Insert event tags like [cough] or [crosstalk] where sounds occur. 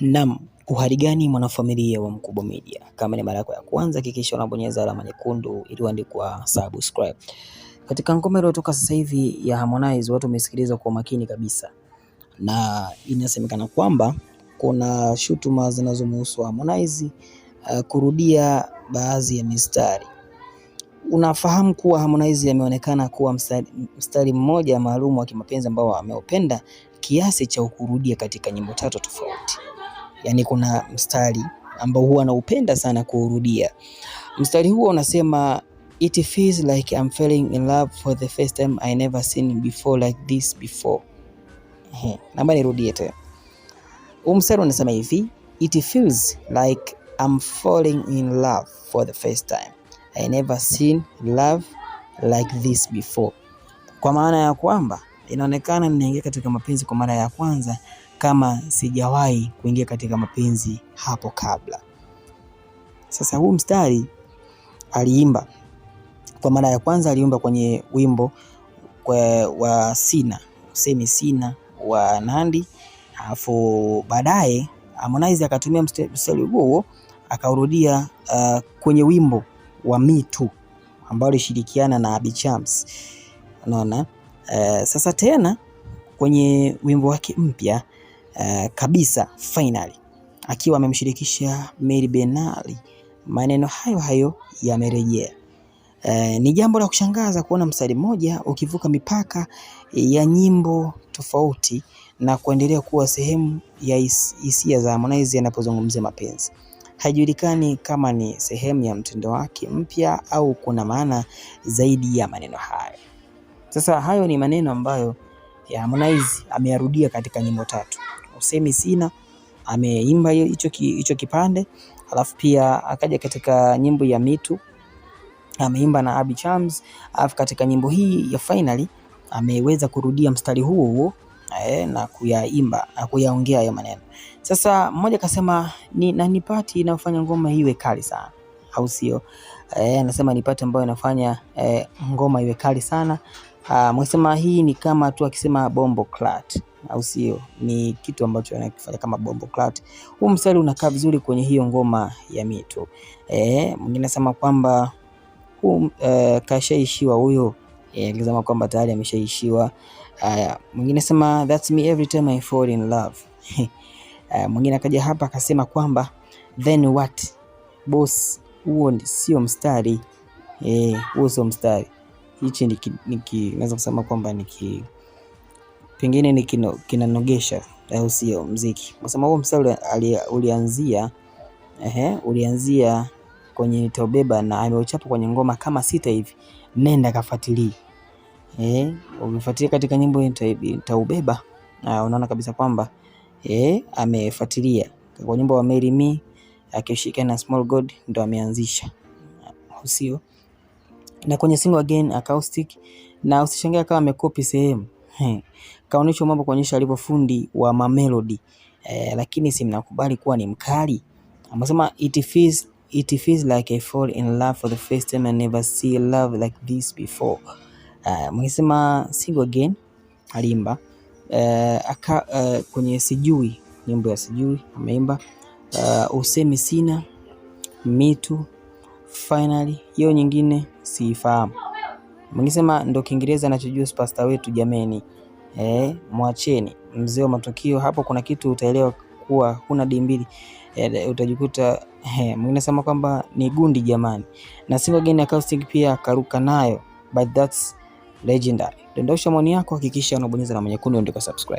Naam, uhali gani mwanafamilia wa Mkubwa Media? Kama ni mara yako ya kwanza, hakikisha unabonyeza alama nyekundu iliyoandikwa subscribe. Katika ngoma iliyotoka sasa hivi ya Harmonize, watu wamesikiliza kwa makini kabisa, na inasemekana kwamba kuna shutuma zinazomhusu Harmonize uh, kurudia baadhi ya mistari. Unafahamu kuwa Harmonize ameonekana kuwa mstari, mstari mmoja maalum wa kimapenzi ambao ameupenda kiasi cha ukurudia katika nyimbo tatu tofauti yani kuna mstari ambao huwa naupenda sana kuurudia. Mstari huo unasema It feels like I'm falling in love for the first time I never seen before like this before. He, naomba nirudie tena. Huu mstari unasema hivi, It feels like I'm falling in love for the first time. I never seen love like this before. Kwa maana ya kwamba inaonekana ninaingia katika mapenzi kwa mara ya kwanza kama sijawahi kuingia katika mapenzi hapo kabla. Sasa huu mstari aliimba kwa mara ya kwanza, aliimba kwenye wimbo kwa, wa sina usemi sina wa Nandi, alafu baadaye Harmonize akatumia mstari huo akaurudia uh, kwenye wimbo wa Me Too ambao alishirikiana na Abby Champs. Unaona? Uh, sasa tena kwenye wimbo wake mpya uh, kabisa finally akiwa amemshirikisha Mary Benali. Maneno hayo hayo yamerejea. Uh, ni jambo la kushangaza kuona mstari mmoja ukivuka mipaka ya nyimbo tofauti na kuendelea kuwa sehemu ya hisia za Harmonize anapozungumzia mapenzi. Haijulikani kama ni sehemu ya mtindo wake mpya au kuna maana zaidi ya maneno hayo. Sasa hayo ni maneno ambayo Harmonize ameyarudia katika nyimbo tatu usemi sina, ameimba hicho hicho kipande. Alafu pia akaja katika nyimbo ya Mitu ameimba na Abby Chams, alafu katika nyimbo hii ya finally ameweza kurudia mstari huo huo e, na kuyaimba na kuyaongea hayo maneno. Sasa mmoja akasema ni na nipati inafanya ngoma iwe kali sana, au sio? E, anasema nipati ambayo inafanya e, ngoma iwe kali sana. Ah, Mwesema hii ni kama tu akisema bombo clat au sio? Ni kitu ambacho anakifanya kama Bombo Clat. Huu mstari unakaa vizuri kwenye hiyo ngoma ya mito. Eh, mwingine anasema kwamba huu uh, kashaishiwa huyo eh, alisema eh, kwamba tayari ameshaishiwa. Haya, uh, mwingine sema that's me every time I fall in love. Uh, [laughs] Mwingine akaja hapa akasema kwamba then what boss, huo sio mstari eh, huo sio mstari. Hichi ni naweza kusema kwamba ni, ki, pengine ni kino, kinanogesha au sio mziki. Kwa sababu mstari ulianzia ehe, ulianzia kwenye nitaubeba na ameuchapa kwenye ngoma kama sita hivi, nenda kafuatilie eh, umefuatilia katika nyimbo nitaubeba, na unaona kabisa kwamba eh, amefuatilia kwa nyimbo wa Marry Me akishika na Small God ndo ameanzisha, sio na kwenye single again acoustic, na usishangae kama amekopi sehemu He. Kaonyesha mambo kuonyesha alivyo fundi wa mamelodi eh, lakini si mnakubali kuwa ni mkali. Amesema it feels, it feels like I fall in love for the first time and never see love like this before. Uh, mkisema single again alimba uh, aka, uh, kwenye sijui nyimbo ya sijui ameimba uh, usemi sina mitu finally hiyo nyingine siifahamu. Mngesema ndo Kiingereza anachojua superstar wetu jameni. Eh, mwacheni mzee wa matukio hapo, kuna kitu utaelewa kuwa huna dimbili e, eh, utajikuta eh, mnasema kwamba ni gundi jamani, na single again acoustic pia akaruka nayo, but that's legendary. Dondosha maoni yako, hakikisha unabonyeza na mwenyekundu ndio subscribe.